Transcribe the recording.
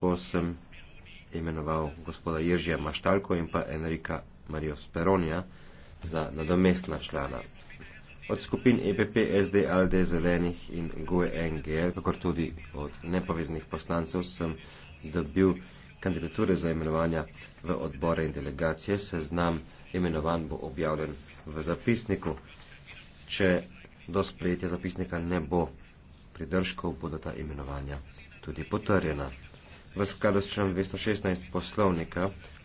ko sem imenoval gospoda Jiržija Maštalko in pa Enrika Marijo Speronija za nadomestna člana. Od skupin EPP, SD, ALD, Zelenih in GUE NGL, kakor tudi od nepoveznih poslancev, sem dobil kandidature za imenovanja v odbore in delegacije. Seznam imenovan bo objavljen v zapisniku. Če do sprejetja zapisnika ne bo pridržkov, bodo ta imenovanja tudi potrjena v skladu s članom 216 poslovnika.